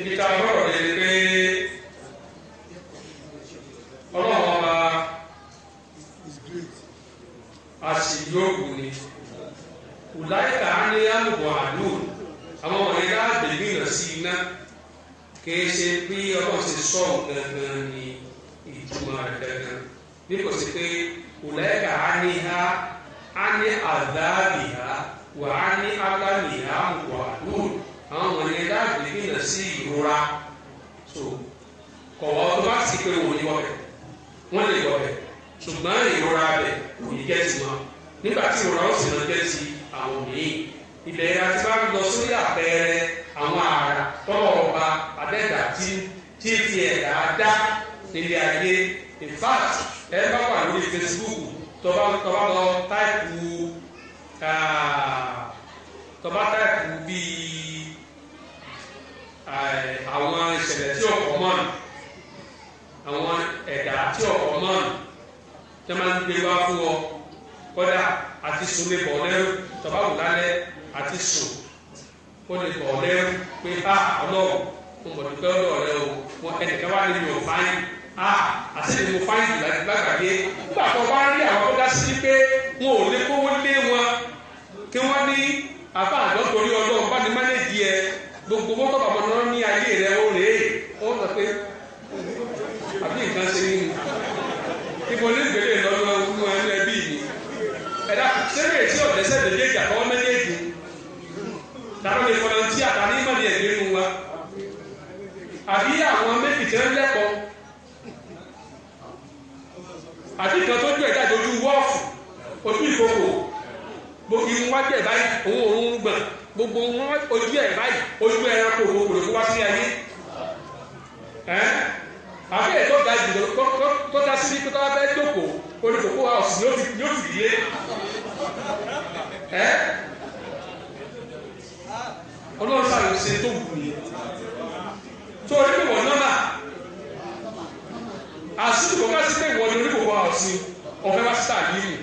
ibi tá a gbọ́dọ̀ lè pé ọlọ́run ọba àṣìyóògùn ni ọ̀làyíká ní àlùbọ̀ àlù àwọn ọ̀rẹ́ ká gbègbè náà sí iná kìí ṣe bí ọlọ́run ṣe sọ gangan ni ìtumọ̀ rẹ̀ gangan bí kò sí pé ọ̀làyíká ní ha á ní àdáàbì ha wà á ní ágámì ha wà lóòrùn àwọn wòlíì láàbì gbìyànjú sí ìrora so kọ̀wọ́ tó bá sì pé wòlíì wọ̀bẹ̀ wọ́n lè wọ̀bẹ̀ ṣùgbọ́n ìrora bẹ̀ wòlíì jẹ́ ti wọn nígbà tí ìrora ó sì lọ jẹ́ ti àwọn míì ilẹ̀ àti bá lọ sórí àpẹẹrẹ àwọn àrà tọ́lọ̀ ọba àdẹ́gà tí tí ti ẹ̀dá dá nílé ayé in fact ẹ bá wà lórí Facebook tọ́ba tọ́ba lọ táìpù ah, tọ́ba táìpù bíi àwọn ìṣẹ̀lẹ̀ tí ọ̀pọ̀ mọ́nà àwọn ẹ̀dá tí ọ̀pọ̀ mọ́nà tí wọ́n máa ń gbé wá fún ọ kódà àti sùn lè bọ̀ lẹ́rù tọ́ba wò lálẹ́ àti sùn ó lè bọ̀ lẹ́rù pé bá ọlọ́run mo mọ̀ dúpẹ́ ọlọ́run o mo ẹnìkan wá nínú ọ̀fáyín a àti ẹni mo fáyín jù láti gbàgbé nígbà tó bá rí àwọn tó dá sí pé wọn ò lè kówó gbogbo mọ́tò bàbá náà ní ayé rẹ ó rèé ó sọ pé àbí nǹkan ṣe nínú ibo ní ìgbélé lọ́dún ọdún ẹnu ẹbí mi ẹ̀dá sẹ́yìn tí ọ̀dẹ́ sẹ́yìn méjèèjì àtọwọ́ méjèèjì tàbí lè fọdọ̀ tí àtàní ìmọ̀lì ẹ̀gbẹ́ nu wa àbí àwọn méjì tí wọ́n lẹ́kọ̀ọ́ àbí kan tó ju ẹ̀dá ìdojú wọ́ọ̀fù ojú ìkókò gbogbo ìwọ́n wájú òun òun gbọ̀n gbogbo wọn ojú ẹ̀ báyìí ojú ẹranko kòkòrò fún wá sí ayé àbẹ́rẹ́ tó ga jù lọ tó ga sí pé tọ́lá fẹ́ dòkò oníkòkò wa ọ̀sìn yóò fi lé ẹ́ ọlọ́run sàrò ṣe tó wù yẹn tó oníkòkò nọ́mà àsìkò ká sí pé ìwọ ni oníkòkò wa ọ̀sìn ọ̀fẹ́ wá sí sàgírì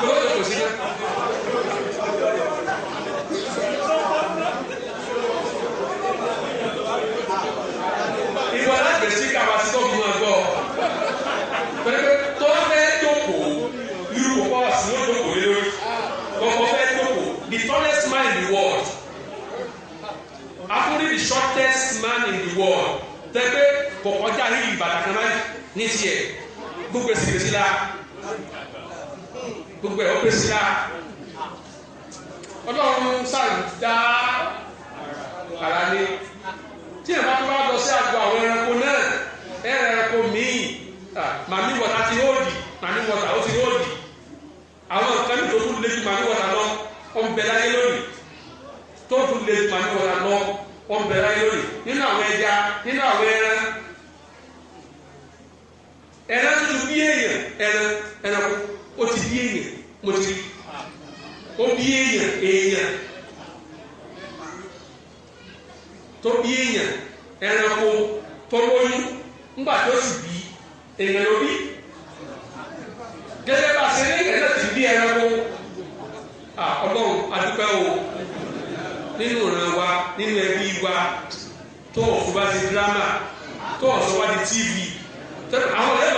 lọ́wọ́ tó kò sí náà. ní tiẹ̀ gbogbo ẹsẹ̀ gbèsè la gbogbo ẹ̀ ọ̀gbèsè la ọlọ́run sáà dá ara lé tí ẹ̀ máa ń bá lọ sí àgbo àwọn ẹranko náà ẹranko míì màmí wọ̀tá ti hóòdì màmí wọ̀tá ó ti hóòdì àwọn nǹkan tó tún lé ju màmí wọ̀tá lọ ọ̀nbẹ láyé lónìí tó tún lé ju màmí wọ̀tá lọ ọ̀nbẹ láyé lónìí nínú àwọn ẹja nínú àwọn ẹ ẹran tuntun bí èèyàn ẹran ẹranko ó ti bí èèyàn mo ti rí ó bí èèyàn èèyàn tó bí èèyàn ẹranko tó lóyún ńgbà tó sì bí èèyàn ló bí gẹ́gẹ́ bá a ṣe ní ìgbà náà ti bí ẹranko ọlọ́run o nínú ìran wa nínú ẹbí wa tó ọ̀fun bá ti dírámà tó ọ̀sán wá di tv àwọn ẹ̀rọ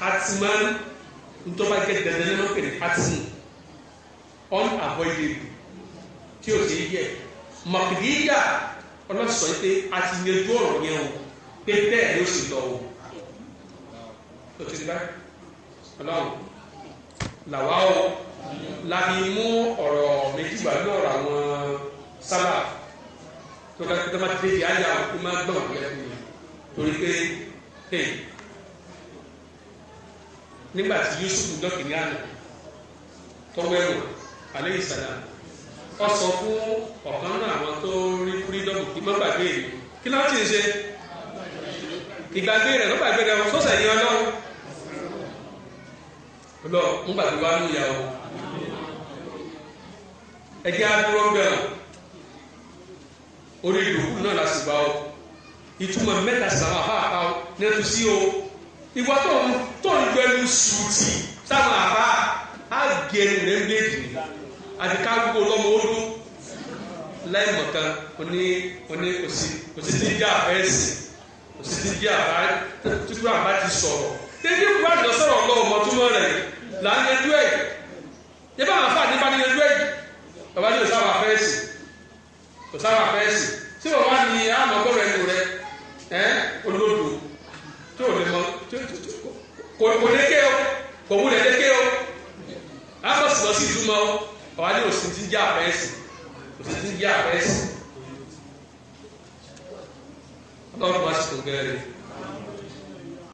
hatiman ntọ́ba jẹ́ dandan ní wọ́n pè ní hatim unavoidable tí o ṣe yẹ mọ̀kìdíyà ọlọ́sọ̀ yìí pé a ti yanjú ọ̀rọ̀ yẹn o pé bẹ́ẹ̀ ni ó sì lọ o o ti di báyìí ọlọ́run làwa o la fi mú ọ̀rọ̀ méjì wá ní ọ̀rọ̀ àwọn sábà tó ká tó ti di àyà o kó má gbọ̀n àgbẹ̀lẹ̀ fún mi torí hey nígbà Yusuf dọ́kì ní àná tọ́wọ́ ẹ̀wọ̀n alẹ́ ìsàlà ọ sọ fún ọ̀kan náà àwọn tó rí fúrídọ́mù kí wọ́n gbàgbé rẹ̀ kí ló ti ń ṣe ìgbàgbé rẹ̀ ló gbàgbé rẹ̀ sọ́sẹ̀ ní ọlọ́run lọ ń gbàgbé wa ní ìyàwó ẹgbẹ́ adúró bẹ́ẹ̀ orí ìdòkú náà la sì bá ọ ìtumọ̀ mẹ́ta sàmà fáfá nẹ́tù sí o ìwà tó ń tó ń gbẹnu sùtì sáwọn àbá á gé ẹnu rẹ méjì ni àti ká gbogbo lọ́mọ ó dún láì mọ̀kan oní oní òsì òsì tí ń jẹ́ àbẹ́sì òsì tí ń jẹ́ àbá tuntun àbá ti sọ̀rọ̀ dédé kúrò àjọ sọ̀rọ̀ lọ́wọ́ mọ̀túmọ̀ rẹ̀ là ń yẹjú ẹ̀ yẹ bá àfa àdébá ní yẹjú ẹ̀ bàbá yóò sábà fẹ́ẹ̀sì kò sábà fẹ́ẹ̀sì tí wọ́n wá ní àmọ́gbọ́rọ̀ ẹnu rẹ̀ onekeo kòmúlẹ̀ nekeo afọ̀sọ̀sì ìdúmọ̀ ọ̀wá ní òsì ti ń jẹ́ àfẹ́sì òsì ti ń jẹ́ àfẹ́sì ọlọ́run wá sí tó gẹ́rẹ́ rẹ̀.